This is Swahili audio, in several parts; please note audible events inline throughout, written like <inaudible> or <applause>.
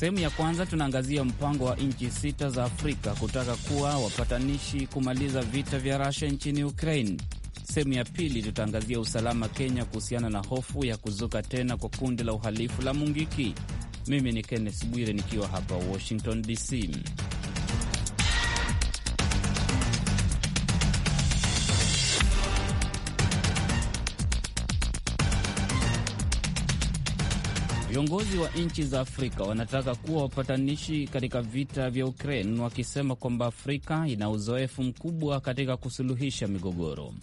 Sehemu ya kwanza tunaangazia mpango wa nchi sita za Afrika kutaka kuwa wapatanishi kumaliza vita vya Rusia nchini Ukraine. Sehemu ya pili tutaangazia usalama Kenya kuhusiana na hofu ya kuzuka tena kwa kundi la uhalifu la Mungiki. Mimi ni Kenneth Bwire nikiwa hapa Washington DC. Viongozi wa nchi za Afrika wanataka kuwa wapatanishi katika vita vya Ukraine, wakisema kwamba Afrika ina uzoefu mkubwa katika kusuluhisha migogoro.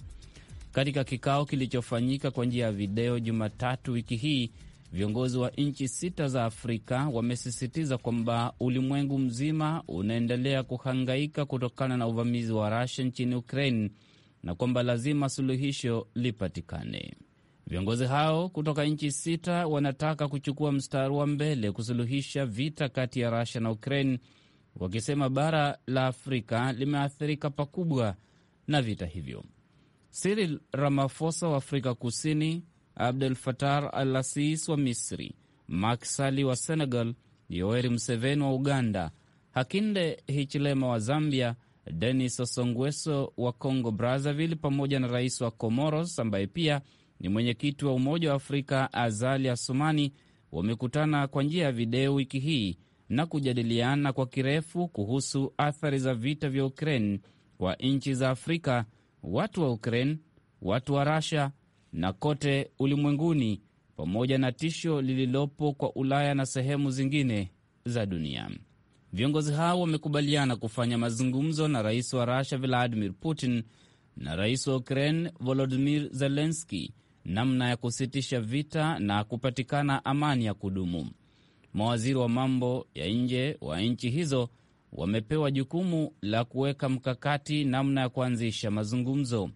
Katika kikao kilichofanyika kwa njia ya video Jumatatu wiki hii, viongozi wa nchi sita za Afrika wamesisitiza kwamba ulimwengu mzima unaendelea kuhangaika kutokana na uvamizi wa Russia nchini Ukraine na kwamba lazima suluhisho lipatikane. Viongozi hao kutoka nchi sita wanataka kuchukua mstari wa mbele kusuluhisha vita kati ya rusia na Ukraine, wakisema bara la Afrika limeathirika pakubwa na vita hivyo. Cyril Ramaphosa wa Afrika Kusini, Abdel Fattah al-Sisi wa Misri, Macky Sall wa Senegal, Yoweri Museveni wa Uganda, Hakainde Hichilema wa Zambia, Denis Osongweso wa Congo Brazzaville, pamoja na rais wa Comoros ambaye pia ni mwenyekiti wa Umoja wa Afrika Azali Asumani wamekutana kwa njia ya video wiki hii na kujadiliana kwa kirefu kuhusu athari za vita vya Ukraine kwa nchi za Afrika, watu wa Ukraine, watu wa rasha na kote ulimwenguni, pamoja na tisho lililopo kwa Ulaya na sehemu zingine za dunia. Viongozi hao wamekubaliana kufanya mazungumzo na rais wa rasha Vladimir Putin na rais wa Ukraine volodimir zelenski namna ya kusitisha vita na kupatikana amani ya kudumu. Mawaziri wa mambo ya nje wa nchi hizo wamepewa jukumu la kuweka mkakati namna ya kuanzisha mazungumzo.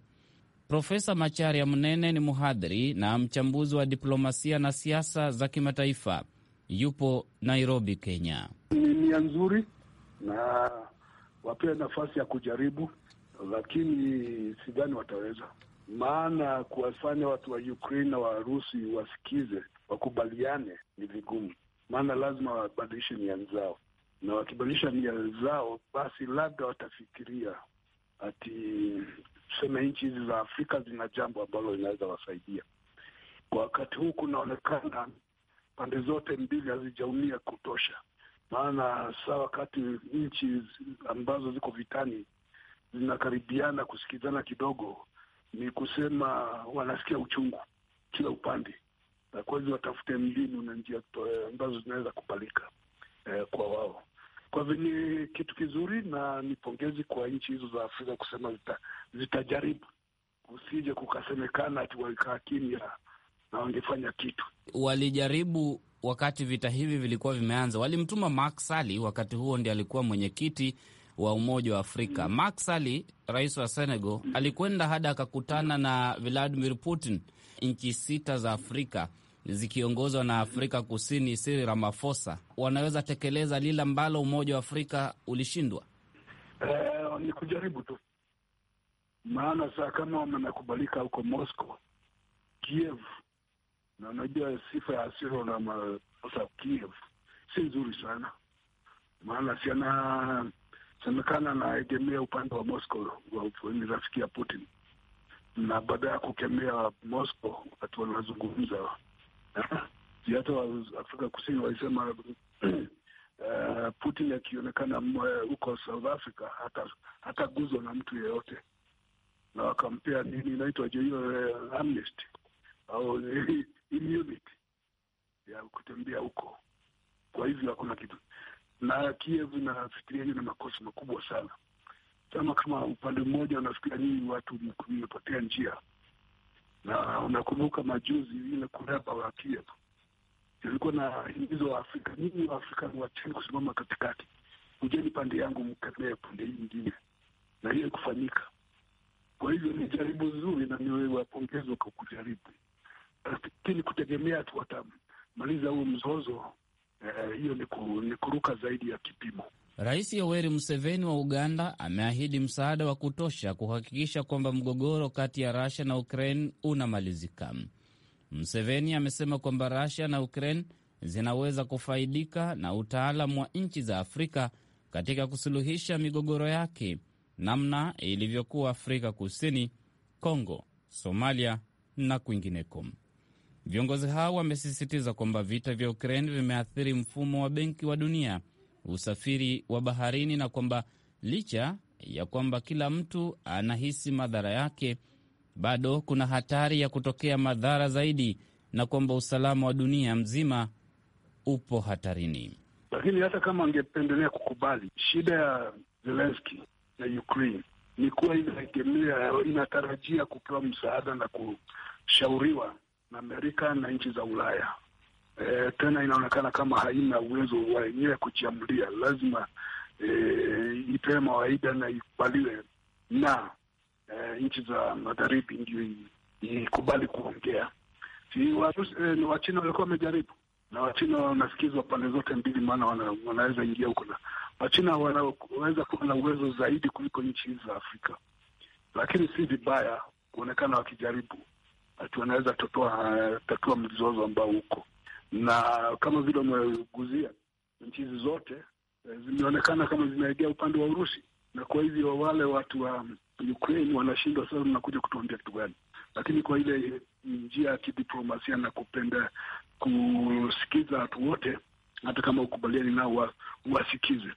Profesa Macharia Mnene ni mhadhiri na mchambuzi wa diplomasia na siasa za kimataifa, yupo Nairobi, Kenya. Ni nia nzuri na wapewe nafasi ya kujaribu, lakini sidhani wataweza maana kuwafanya watu wa Ukraine na Warusi wasikize, wakubaliane ni vigumu, maana lazima wabadilishe nia zao, na wakibadilisha nia zao, basi labda watafikiria ati tuseme nchi hizi za Afrika zina jambo ambalo linaweza wasaidia. Kwa wakati huu kunaonekana pande zote mbili hazijaumia kutosha, maana saa wakati nchi ambazo ziko vitani zinakaribiana kusikizana kidogo, ni kusema wanasikia uchungu kila upande, na kwa hivyo watafute mbinu na njia ambazo zinaweza kubalika eh, kwa wao kwa ni kitu kizuri, na ni pongezi kwa nchi hizo za Afrika kusema zita, zitajaribu kukasemekana ati walikaa kimya na wangefanya kitu. Walijaribu wakati vita hivi vilikuwa vimeanza, walimtuma Macky Sall, wakati huo ndi alikuwa mwenyekiti wa Umoja wa Afrika. Macky Sall, rais wa Senegal, alikwenda hadi akakutana na Vladimir Putin. Nchi sita za Afrika zikiongozwa na Afrika Kusini, Cyril Ramaphosa, wanaweza tekeleza lile ambalo Umoja wa Afrika ulishindwa? Eh, ni kujaribu tu, maana saa kama wamenakubalika huko Moscow, Kiev, na unajua sifa ya Cyril Ramaphosa Kiev si nzuri sana, maana siana Semekana anaegemea upande wa Moscow, ni rafiki ya Putin, na baada ya kukemea Moscow wakati wanazungumza hata Afrika Kusini walisema uh, <clears throat> Putin akionekana huko South Africa hata hataguzwa na mtu yeyote, na wakampea nini inaitwa hiyo uh, amnesty au <laughs> immunity ya kutembea huko. Kwa hivyo hakuna kitu na Kiev inafikiria hiyo na makosa makubwa sana. Chama kama upande mmoja unafikiria nini, watu mmepotea njia, na unakumbuka majuzi ile kuraba wa Kiev ilikuwa na himizo wa Afrika, nyinyi wa Afrika ni wacheni kusimama katikati, ujeni pande yangu, mkemee pande hii ingine, na hiyo kufanyika. Kwa hivyo ni jaribu zuri na ni wapongezwa kwa kujaribu, lakini kutegemea tu watamaliza huo mzozo Eh, hiyo uh, ni kuruka zaidi ya kipimo. Rais Yoweri Museveni wa Uganda ameahidi msaada wa kutosha kuhakikisha kwamba mgogoro kati ya rasia na Ukraine unamalizika. Museveni amesema kwamba rasia na Ukraine zinaweza kufaidika na utaalamu wa nchi za Afrika katika kusuluhisha migogoro yake, namna ilivyokuwa Afrika Kusini, Kongo, Somalia na kwingineko. Viongozi hao wamesisitiza kwamba vita vya Ukraine vimeathiri mfumo wa benki wa dunia, usafiri wa baharini, na kwamba licha ya kwamba kila mtu anahisi madhara yake, bado kuna hatari ya kutokea madhara zaidi, na kwamba usalama wa dunia mzima upo hatarini. Lakini hata kama angependelea kukubali, shida ya Zelenski na Ukraine ni kuwa inaegemea, inatarajia kupewa msaada na kushauriwa na Amerika na nchi za Ulaya. E, tena inaonekana kama haina uwezo wa yenyewe kujiamulia, lazima e, ipewe mawaida na ikubaliwe na e, nchi za magharibi ndio ikubali kuongea. Si e, Wachina walikuwa wamejaribu na Wachina wanasikizwa pande zote mbili, maana wana, wanaweza ingia huko na Wachina wanaweza kuwa na uwezo zaidi kuliko nchi za Afrika, lakini si vibaya kuonekana wakijaribu tunaweza tatua, tatua mzozo ambao uko na kama vile umeguzia, nchi hizi zote eh, zimeonekana kama zinaegea upande wa Urusi, na kwa hivyo wale watu wa um, Ukraine wanashindwa sasa, mnakuja kutuambia kitu gani? Lakini kwa ile eh, njia ya kidiplomasia na kupenda kusikiza watu wote, hata kama ukubaliani nao wasikize,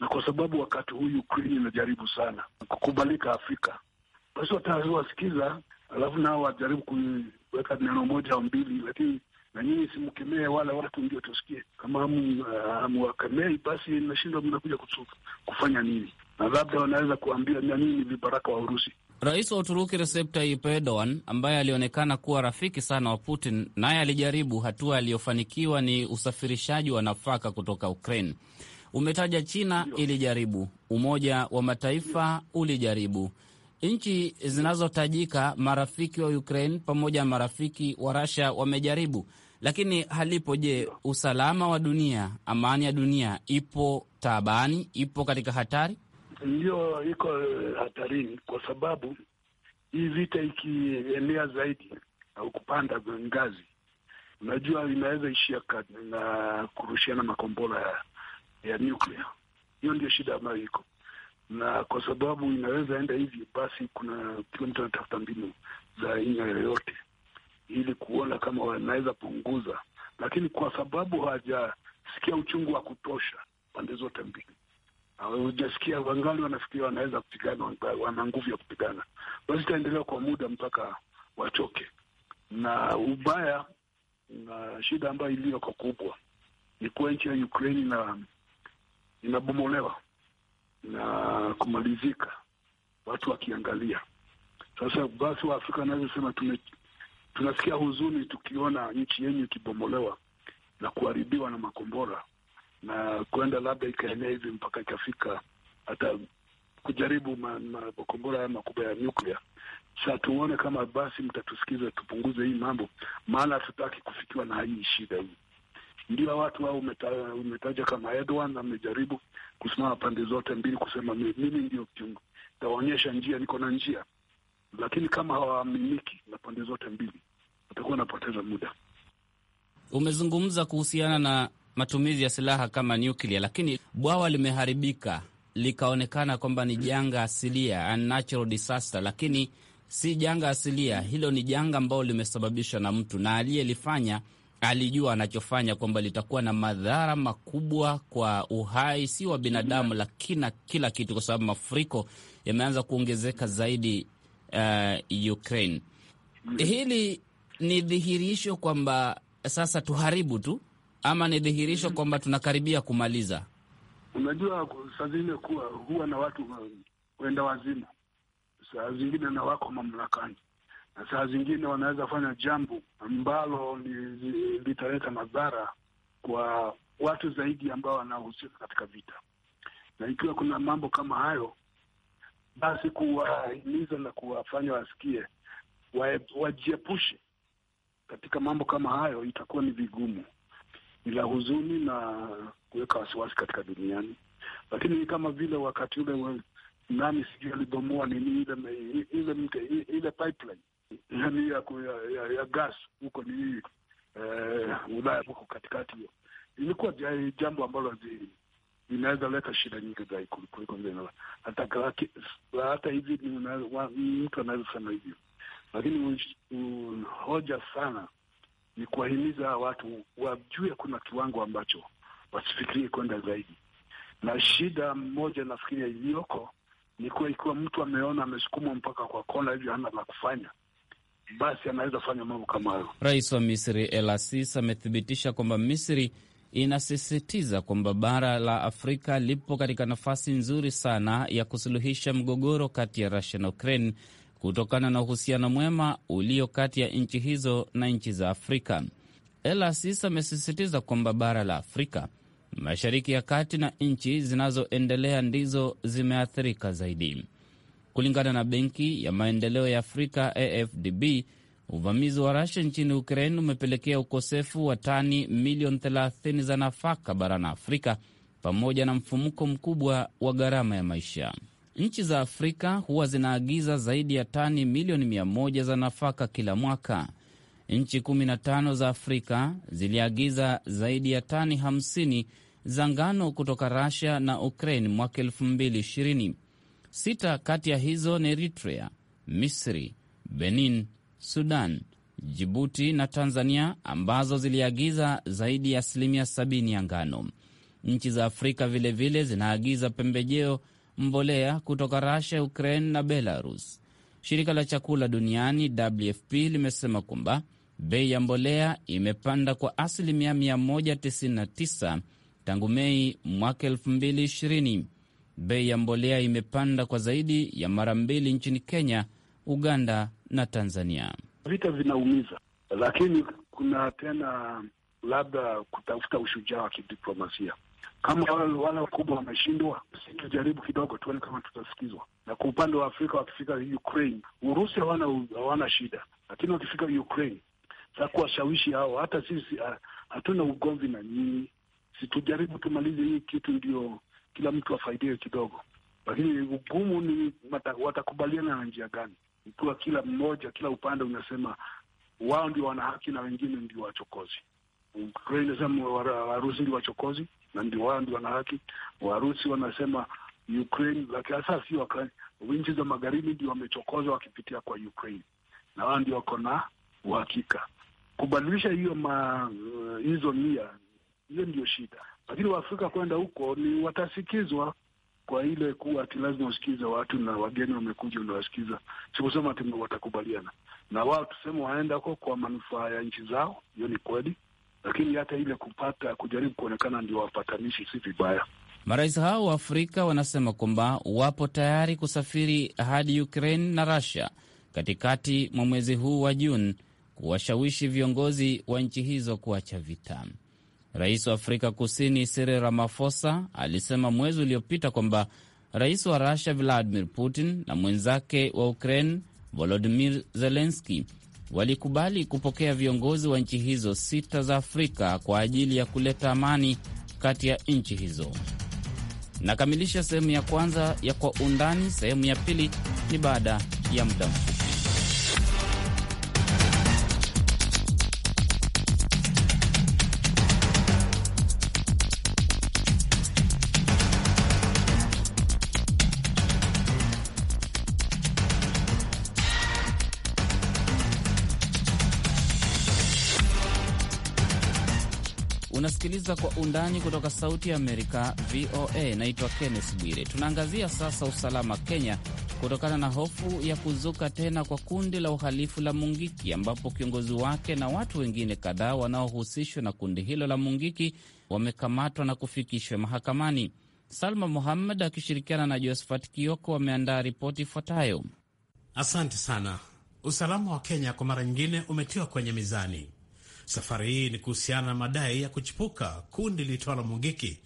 na kwa sababu wakati huu Ukraine inajaribu sana kukubalika Afrika, basi watawasikiza alafu nao wajaribu kuweka neno moja au mbili, lakini na nyinyi simkemee wala watu ndio tusikie. Kama uh, basi nashindwa mnakuja kufanya nini? Na labda wanaweza kuambia na nini vibaraka wa Urusi. Rais wa Uturuki Recep Tayyip Erdogan ambaye alionekana kuwa rafiki sana wa Putin, naye alijaribu. Hatua aliyofanikiwa ni usafirishaji wa nafaka kutoka Ukraine. Umetaja China ilijaribu, Umoja wa Mataifa ulijaribu nchi zinazotajika marafiki wa Ukraine pamoja na marafiki wa Russia wamejaribu, lakini halipo. Je, usalama wa dunia, amani ya dunia ipo taabani, ipo katika hatari? Ndiyo, iko hatarini kwa sababu hii vita ikienea zaidi au kupanda ngazi, unajua inaweza ishia na kurushiana makombora ya, ya nuclear. Hiyo ndio shida ambayo iko na kwa sababu inaweza enda hivi, basi kuna kila mtu anatafuta mbinu za aina yoyote ili kuona kama wanaweza punguza, lakini kwa sababu hawajasikia uchungu wa kutosha pande zote mbili, hawajasikia, wangali wanafikiria wanaweza kupigana, wana nguvu ya kupigana, basi itaendelea kwa muda mpaka wachoke. Na ubaya na shida ambayo iliyoko kubwa ni kuwa nchi ya Ukraine inabomolewa na kumalizika, watu wakiangalia. Sasa basi, Waafrika wanavyosema, tunasikia huzuni tukiona nchi yenyu ikibomolewa na kuharibiwa na makombora na kwenda labda ikaenea hivi mpaka ikafika hata kujaribu makombora haya makubwa ya nyuklia. sa tuone kama basi mtatusikiza, tupunguze hii mambo, maana hatutaki kufikiwa na hii shida hii ndio watu hao umetaja kama Edwan amejaribu kusimama pande zote mbili, kusema mimi ndio tawaonyesha njia, niko na njia, lakini kama hawaaminiki na pande zote mbili watakuwa wanapoteza muda. Umezungumza kuhusiana na matumizi ya silaha kama nyuklia, lakini bwawa limeharibika likaonekana kwamba ni janga asilia, unnatural disaster, lakini si janga asilia. Hilo ni janga ambalo limesababishwa na mtu na aliyelifanya alijua anachofanya kwamba litakuwa na madhara makubwa kwa uhai si wa binadamu, mhm. lakini na kila kitu, kwa sababu mafuriko yameanza kuongezeka zaidi uh, Ukraine. Mhm. Hili ni dhihirisho kwamba sasa tuharibu tu, ama ni dhihirisho mhm. kwamba tunakaribia kumaliza? Unajua, saa zingine kuwa huwa na watu huenda wazima, saa zingine na wako mamlakani na saa zingine wanaweza fanya jambo ambalo litaleta madhara kwa watu zaidi ambao wanahusika katika vita, na ikiwa kuna mambo kama hayo, basi kuwahimiza na kuwafanya wasikie wajiepushe katika mambo kama hayo itakuwa ni vigumu, ni la huzuni na kuweka wasiwasi katika duniani. Lakini kama vile wakati ule nani, sijui alibomoa nini ile ile pipeline nani ya, ya, ya, ya gas huko ni hii eh, Ulaya huko katikati, hiyo ilikuwa jai, jambo ambalo linaweza leta shida nyingi zaidi kuliko hata hata hivi ni mtu anaweza sema hivyo, lakini hoja sana ni kuwahimiza watu wajue kuna kiwango ambacho wasifikirie kwenda zaidi. Na shida moja nafikiria iliyoko ni kuwa, ikiwa mtu ameona amesukumwa mpaka kwa kona hivyo, hana la kufanya, basi anaweza fanya mambo kama hayo. Rais wa Misri El Asis amethibitisha kwamba Misri inasisitiza kwamba bara la Afrika lipo katika nafasi nzuri sana ya kusuluhisha mgogoro kati ya Rusia na Ukraine kutokana na uhusiano mwema ulio kati ya nchi hizo na nchi za Afrika. El Asis amesisitiza kwamba bara la Afrika, Mashariki ya Kati na nchi zinazoendelea ndizo zimeathirika zaidi. Kulingana na Benki ya Maendeleo ya Afrika, AFDB, uvamizi wa Russia nchini Ukraine umepelekea ukosefu wa tani milioni 30 za nafaka barani Afrika pamoja na mfumuko mkubwa wa gharama ya maisha. Nchi za Afrika huwa zinaagiza zaidi ya tani milioni 1 za nafaka kila mwaka. Nchi 15 za Afrika ziliagiza zaidi ya tani 50 za ngano kutoka Russia na Ukraine mwaka 2020. Sita kati ya hizo ni Eritrea, Misri, Benin, Sudan, Jibuti na Tanzania, ambazo ziliagiza zaidi ya asilimia sabini ya ngano. Nchi za Afrika vilevile zinaagiza pembejeo, mbolea kutoka Rasia, Ukraine na Belarus. Shirika la chakula duniani WFP limesema kwamba bei ya mbolea imepanda kwa asilimia 199 tangu Mei mwaka 2020 bei ya mbolea imepanda kwa zaidi ya mara mbili nchini Kenya, Uganda na Tanzania. Vita vinaumiza, lakini kuna tena labda kutafuta ushujaa wa kidiplomasia. Kama wale wakubwa wameshindwa, situjaribu kidogo, tuone kama tutasikizwa. Na kwa upande wa Afrika, wakifika Ukraine, Urusi hawana hawana shida, lakini wakifika Ukraine za kuwashawishi hao, hata sisi hatuna ugomvi na nyinyi, situjaribu tumalize hii kitu, ndio kila mtu afaidiwe kidogo, lakini ugumu ni watakubaliana na njia gani, ikiwa kila mmoja, kila upande unasema wao ndio wana haki na wengine ndio wachokozi. Ukraine Warusi ndio wachokozi na ndio wao ndio wana haki. Warusi wanasema Ukraine, lakini si nchi za magharibi ndio wamechokozwa wakipitia kwa Ukraine na wao ndio wako na uhakika kubadilisha hiyo ma hizo nia, hiyo ndio shida lakini Waafrika kwenda huko ni watasikizwa kwa ile kuwa ati lazima usikize watu na wageni wamekuja, unawasikiza. Sikusema ati watakubaliana na wao, tuseme waenda huko kwa manufaa ya nchi zao, hiyo ni kweli, lakini hata ile kupata kujaribu kuonekana ndio wapatanishi, si vibaya. Marais hao wa Afrika wanasema kwamba wapo tayari kusafiri hadi Ukraine na Russia katikati mwa mwezi huu wa Juni kuwashawishi viongozi wa nchi hizo kuacha vita. Rais wa Afrika Kusini Cyril Ramaphosa alisema mwezi uliopita kwamba rais wa Rusia Vladimir Putin na mwenzake wa Ukraine Volodimir Zelenski walikubali kupokea viongozi wa nchi hizo sita za Afrika kwa ajili ya kuleta amani kati ya nchi hizo. Nakamilisha sehemu ya kwanza ya Kwa Undani. Sehemu ya pili ni baada ya muda mfupi. unasikiliza Kwa Undani kutoka Sauti ya Amerika, VOA. Naitwa kennes Bwire. Tunaangazia sasa usalama Kenya kutokana na hofu ya kuzuka tena kwa kundi la uhalifu la Mungiki, ambapo kiongozi wake na watu wengine kadhaa wanaohusishwa na kundi hilo la Mungiki wamekamatwa na kufikishwa mahakamani. Salma Muhammad akishirikiana na Josephat Kioko wameandaa ripoti ifuatayo. Asante sana. Usalama wa Kenya kwa mara nyingine umetiwa kwenye mizani Safari hii ni kuhusiana na madai ya kuchipuka kundi liitwalo Mungiki,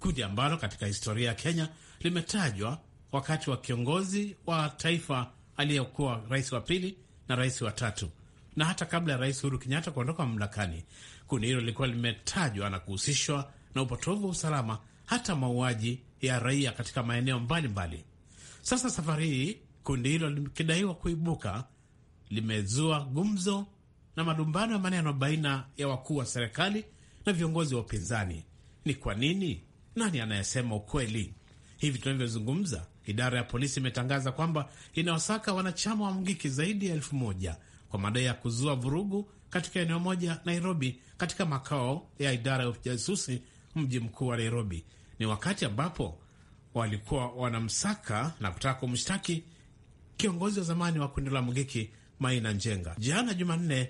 kundi ambalo katika historia ya Kenya limetajwa wakati wa kiongozi wa taifa aliyekuwa rais wa pili na rais wa tatu na hata kabla ya rais Uhuru Kenyatta kuondoka mamlakani. Kundi hilo lilikuwa limetajwa na kuhusishwa na upotovu wa usalama, hata mauaji ya raia katika maeneo mbalimbali mbali. Sasa safari hii kundi hilo likidaiwa kuibuka limezua gumzo na malumbano ya maneno baina ya wakuu wa serikali na viongozi wa upinzani. Ni kwa nini? Nani anayesema ukweli? Hivi tunavyozungumza, idara ya polisi imetangaza kwamba inawasaka wanachama wa Mungiki zaidi ya elfu moja kwa madai ya kuzua vurugu katika eneo moja Nairobi, katika makao ya idara ya ujasusi mji mkuu wa Nairobi. Ni wakati ambapo walikuwa wanamsaka na kutaka kumshtaki kiongozi wa zamani wa kundi la Mungiki Maina Njenga. Jana Jumanne,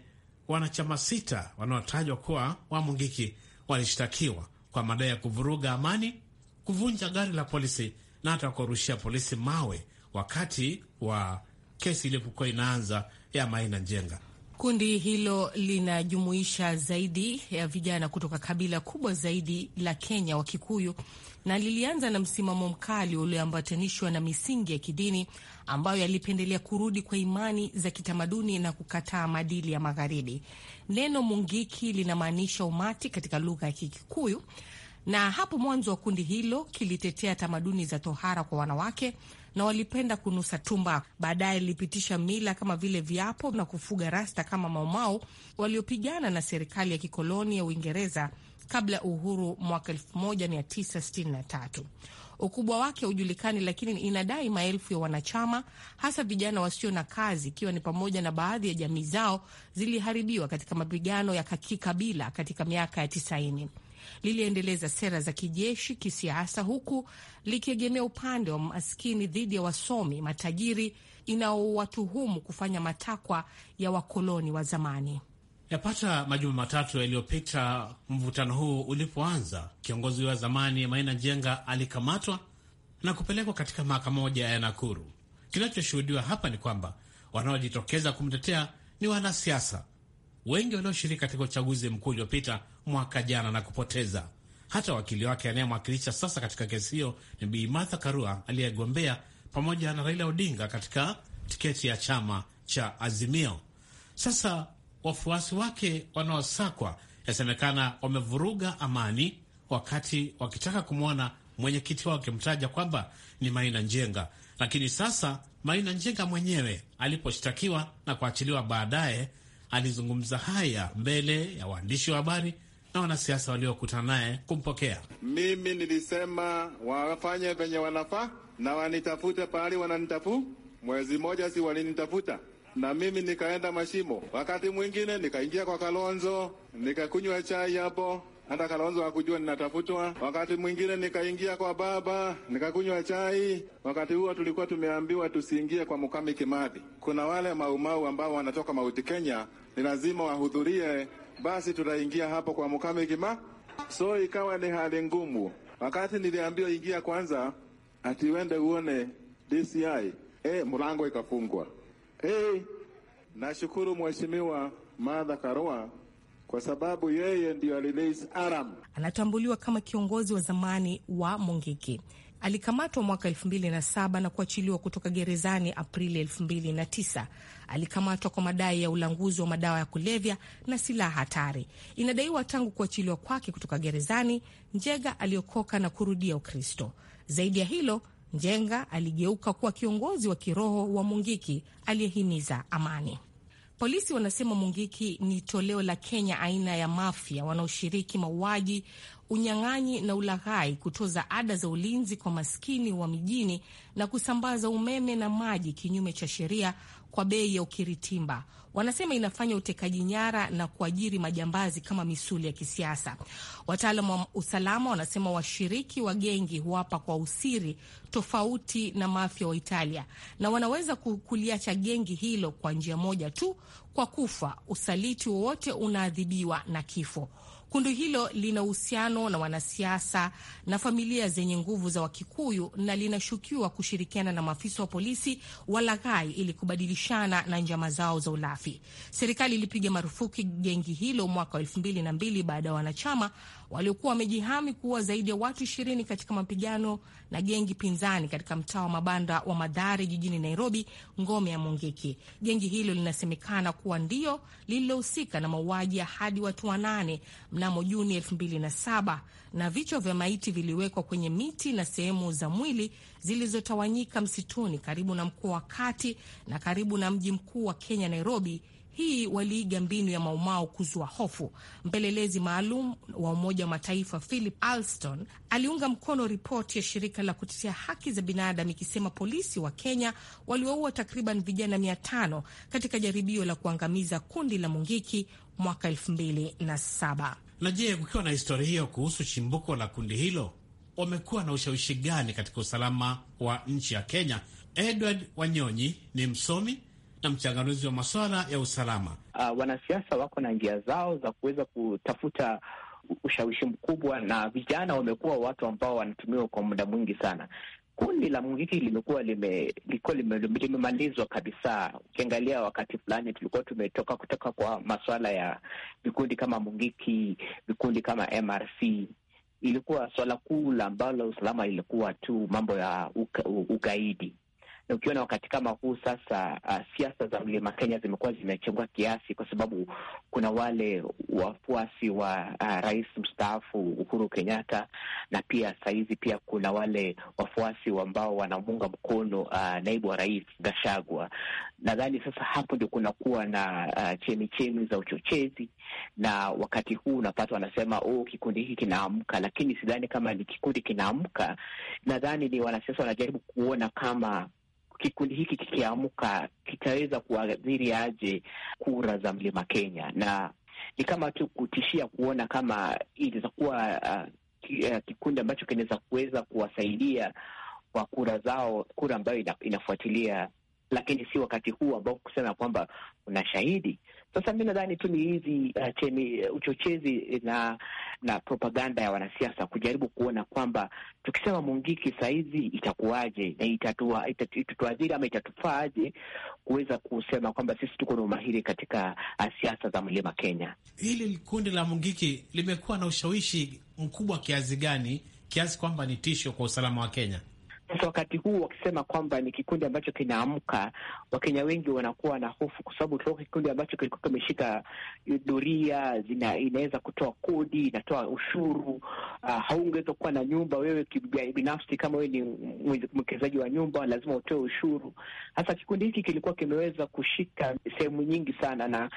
wanachama sita wanaotajwa kuwa wamungiki walishtakiwa kwa madai ya kuvuruga amani, kuvunja gari la polisi na hata kurushia polisi mawe wakati wa kesi iliyokuwa inaanza ya Maina Njenga. Kundi hilo linajumuisha zaidi ya vijana kutoka kabila kubwa zaidi la Kenya, wa kikuyu na lilianza na msimamo mkali ulioambatanishwa na misingi ya kidini ambayo yalipendelea kurudi kwa imani za kitamaduni na kukataa maadili ya Magharibi. Neno Mungiki linamaanisha umati katika lugha ya Kikikuyu, na hapo mwanzo wa kundi hilo kilitetea tamaduni za tohara kwa wanawake na walipenda kunusa tumba. Baadaye lilipitisha mila kama vile viapo na kufuga rasta kama Maumau waliopigana na serikali ya kikoloni ya Uingereza kabla ya uhuru mwaka 1963. Ukubwa wake haujulikani, lakini inadai maelfu ya wanachama, hasa vijana wasio na kazi, ikiwa ni pamoja na baadhi ya jamii zao ziliharibiwa katika mapigano ya kikabila katika miaka ya tisaini liliendeleza sera za kijeshi kisiasa, huku likiegemea upande wa maskini dhidi ya wasomi matajiri, inaowatuhumu kufanya matakwa ya wakoloni wa zamani. Yapata majuma matatu yaliyopita mvutano huu ulipoanza, kiongozi wa zamani Maina Jenga alikamatwa na kupelekwa katika mahakama moja ya Nakuru. Kinachoshuhudiwa hapa ni kwamba wanaojitokeza kumtetea ni wanasiasa wengi walioshiriki katika uchaguzi mkuu uliopita mwaka jana na kupoteza. Hata wakili wake anayemwakilisha sasa katika kesi hiyo ni Bi Martha Karua aliyegombea pamoja na Raila Odinga katika tiketi ya chama cha Azimio. Sasa wafuasi wake wanaosakwa yasemekana wamevuruga amani wakati wakitaka kumwona mwenyekiti wao akimtaja kwamba ni Maina Njenga. Lakini sasa Maina Njenga mwenyewe aliposhtakiwa na kuachiliwa baadaye Alizungumza haya mbele ya waandishi wa habari na wanasiasa waliokutana naye kumpokea. Mimi nilisema wafanye venye wanafaa na wanitafute pahali wananitafu. Mwezi moja si walinitafuta na mimi nikaenda mashimo, wakati mwingine nikaingia kwa Kalonzo nikakunywa chai hapo hata Kalonzo hakujua ninatafutwa. Wakati mwingine nikaingia kwa baba nikakunywa chai. Wakati huo tulikuwa tumeambiwa tusiingie kwa Mukami Kimathi. Kuna wale maumau ambao wanatoka Mauti Kenya ni lazima wahudhurie, basi tutaingia hapo kwa Mukame Kima. So ikawa ni hali ngumu, wakati niliambiwa ingia kwanza, ati uone DCI. E, eh, mlango ikafungwa. E, nashukuru Mheshimiwa Martha Karua kwa sababu yeye ndio alilis Aram. Anatambuliwa kama kiongozi wa zamani wa Mungiki. Alikamatwa mwaka 2007 na kuachiliwa kutoka gerezani Aprili 2009. Alikamatwa kwa madai ya ulanguzi wa madawa ya kulevya na silaha hatari. Inadaiwa tangu kuachiliwa kwake kutoka gerezani, Njega aliokoka na kurudia Ukristo. Zaidi ya hilo, Njenga aligeuka kuwa kiongozi wa kiroho wa Mungiki aliyehimiza amani. Polisi wanasema Mungiki ni toleo la Kenya aina ya mafia wanaoshiriki mauaji, unyang'anyi na ulaghai, kutoza ada za ulinzi kwa maskini wa mijini na kusambaza umeme na maji kinyume cha sheria kwa bei ya ukiritimba. Wanasema inafanya utekaji nyara na kuajiri majambazi kama misuli ya kisiasa. Wataalam wa usalama wanasema washiriki wa gengi huwapa kwa usiri, tofauti na maafya wa Italia, na wanaweza kuliacha gengi hilo kwa njia moja tu, kwa kufa. Usaliti wowote unaadhibiwa na kifo. Kundi hilo lina uhusiano na wanasiasa na familia zenye nguvu za Wakikuyu na linashukiwa kushirikiana na maafisa wa polisi walaghai ili kubadilishana na njama zao za ulafi. Serikali ilipiga marufuku gengi hilo mwaka wa elfu mbili na mbili baada ya wanachama waliokuwa wamejihami kuwa zaidi ya watu ishirini katika mapigano na gengi pinzani katika mtaa wa mabanda wa Madhare jijini Nairobi, ngome ya Mungiki. Gengi hilo linasemekana kuwa ndio lililohusika na mauaji ya hadi watu wanane mnamo Juni 2007 na vichwa vya maiti viliwekwa kwenye miti na sehemu za mwili zilizotawanyika msituni karibu na mkoa wa kati na karibu na mji mkuu wa Kenya, Nairobi, hii waliiga mbinu ya Maumau kuzua hofu. Mpelelezi maalum wa Umoja wa Mataifa Philip Alston aliunga mkono ripoti ya shirika la kutetea haki za binadamu ikisema polisi wa Kenya waliwaua takriban vijana mia tano katika jaribio la kuangamiza kundi la Mungiki mwaka elfu mbili na saba. Na je, kukiwa na historia hiyo kuhusu chimbuko la kundi hilo, wamekuwa na ushawishi gani katika usalama wa nchi ya Kenya? Edward Wanyonyi ni msomi na mchanganuzi wa masuala ya usalama. Uh, wanasiasa wako na njia zao za kuweza kutafuta ushawishi mkubwa, na vijana wamekuwa watu ambao wanatumiwa kwa muda mwingi sana. Kundi la muziki limekuwa limemalizwa lime, lime, lime kabisa. Ukiangalia wakati fulani tulikuwa tumetoka kutoka kwa masuala ya vikundi kama mungiki, vikundi kama MRC ilikuwa swala kuu la ambalo usalama lilikuwa tu mambo ya uka, ugaidi ukiona wakati kama huu sasa, uh, siasa za mlima Kenya zimekuwa zimechengua kiasi, kwa sababu kuna wale wafuasi wa uh, rais mstaafu Uhuru Kenyatta, na pia sahizi pia kuna wale wafuasi ambao wanamuunga mkono uh, naibu wa rais Gashagwa. Nadhani sasa hapo ndio kunakuwa na uh, chemi chemi za uchochezi, na wakati huu unapata wanasema oh, kikundi hiki kinaamka, lakini sidhani kama ni kikundi kinaamka. Nadhani ni wanasiasa wanajaribu kuona kama kikundi hiki kikiamka kitaweza kuadhiri aje kura za mlima Kenya, na ni kama tu kutishia kuona kama inaweza kuwa uh, uh, kikundi ambacho kinaweza kuweza kuwasaidia kwa kura zao, kura ambayo ina, inafuatilia, lakini si wakati huu ambao kusema kwamba kuna shahidi sasa mi nadhani tu ni hizi uh, cheni uh, uchochezi eh, na na propaganda ya wanasiasa kujaribu kuona kwamba tukisema Mungiki sahizi itakuwaje na itatua, itatuadhiri ama itatufaaje kuweza kusema kwamba sisi tuko na umahiri katika uh, siasa za mlima Kenya. Hili kundi la Mungiki limekuwa na ushawishi mkubwa kiasi gani, kiasi kwamba ni tisho kwa usalama wa Kenya? Sasa wakati huu wakisema kwamba ni kikundi ambacho kinaamka, Wakenya wengi wanakuwa na hofu, kwa sababu kutoka kikundi ambacho kilikuwa kimeshika doria, inaweza kutoa kodi, inatoa ushuru. Uh, haungeweza kuwa na nyumba wewe binafsi, kama wewe ni mwekezaji wa nyumba, lazima utoe ushuru. Sasa kikundi hiki kilikuwa kimeweza kushika sehemu nyingi sana, na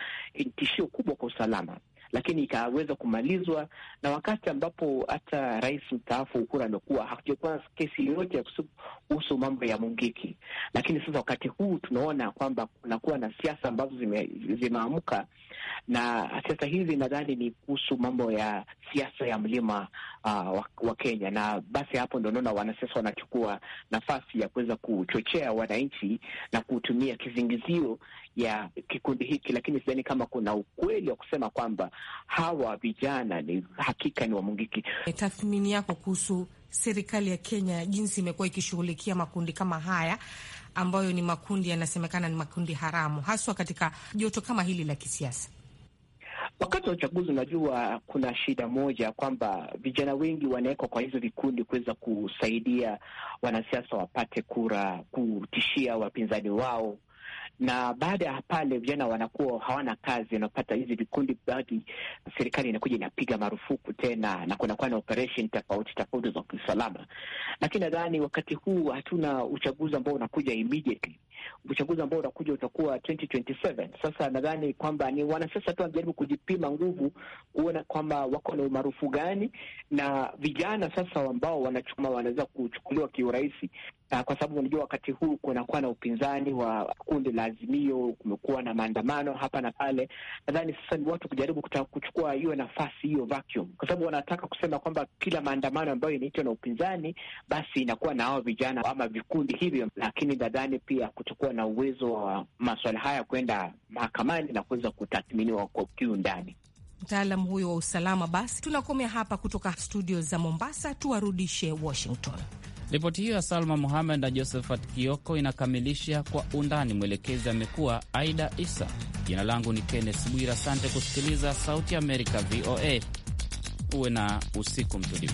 tishio kubwa kwa usalama lakini ikaweza kumalizwa, na wakati ambapo hata rais mstaafu Uhuru amekuwa hakujakuwa kesi yoyote ya kuhusu mambo ya Mungiki. Lakini sasa wakati huu tunaona kwamba kunakuwa na siasa ambazo zimeamka, na siasa hizi nadhani ni kuhusu mambo ya siasa ya mlima uh, kenya wa na basi, hapo ndo naona wanasiasa wanachukua nafasi ya kuweza kuchochea wananchi na kutumia kizingizio ya kikundi hiki, lakini sidhani kama kuna ukweli wa kusema kwamba hawa vijana ni hakika ni wamungiki. E, tathmini yako kuhusu serikali ya Kenya jinsi imekuwa ikishughulikia makundi kama haya ambayo ni makundi yanasemekana ni makundi haramu, haswa katika joto kama hili la kisiasa? Wakati wa uchaguzi, unajua kuna shida moja kwamba vijana wengi wanawekwa kwa hizo vikundi kuweza kusaidia wanasiasa wapate kura, kutishia wapinzani wao na baada ya pale vijana wanakuwa hawana kazi, wanapata hizi vikundi badi, serikali inakuja inapiga marufuku tena, na kunakuwa na operation tofauti tofauti za kiusalama. Lakini nadhani wakati huu hatuna uchaguzi ambao unakuja immediately. Uchaguzi ambao unakuja utakuwa 2027. Sasa nadhani kwamba ni wanasiasa tu wanajaribu kujipima nguvu, kuona kwamba wako na umaarufu gani, na vijana sasa ambao wanachuma wanaweza kuchukuliwa kiurahisi na ah, kwa sababu unajua wakati huu kunakuwa na upinzani wa kundi la Azimio, kumekuwa na maandamano hapa na pale. Nadhani sasa ni watu kujaribu kuchukua hiyo nafasi hiyo vacuum, kwa sababu wanataka kusema kwamba kila maandamano ambayo inaitwa na upinzani basi inakuwa na hao vijana ama vikundi hivyo, lakini nadhani pia kutokuwa na uwezo wa maswala haya kwenda mahakamani na kuweza kutathminiwa kwa kiundani mtaalam huyo wa usalama. Basi tunakomea hapa kutoka studio za Mombasa, tuwarudishe Washington. Ripoti hiyo ya Salma Muhamed na Josephat Kioko inakamilisha kwa undani. Mwelekezi amekuwa Aida Isa. Jina langu ni kennes Bwira, asante kusikiliza Sauti ya Amerika, VOA. Uwe na usiku mtulivu.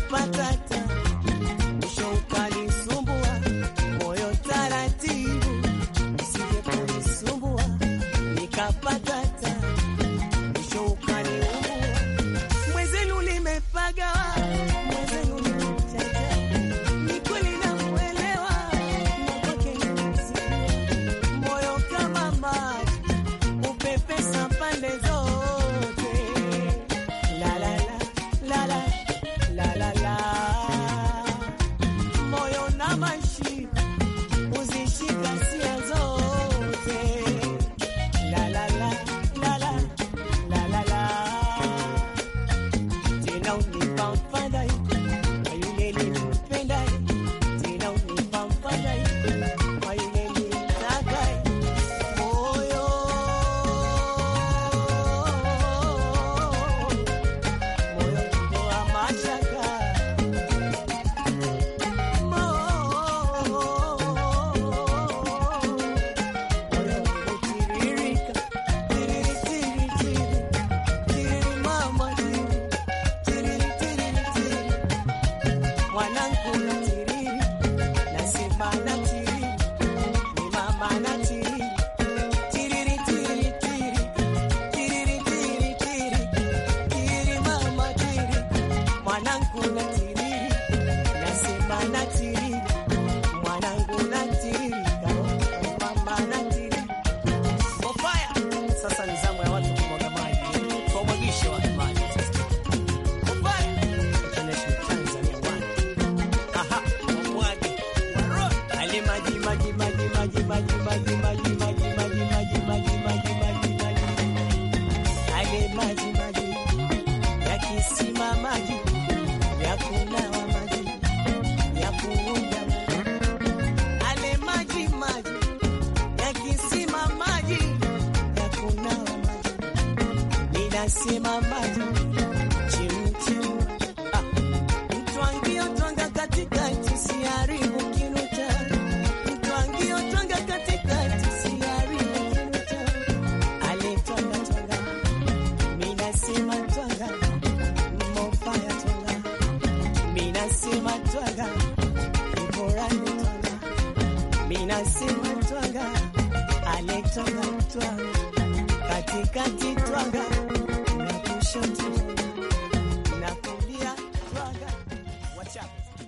utapata Sima maji katikati twanga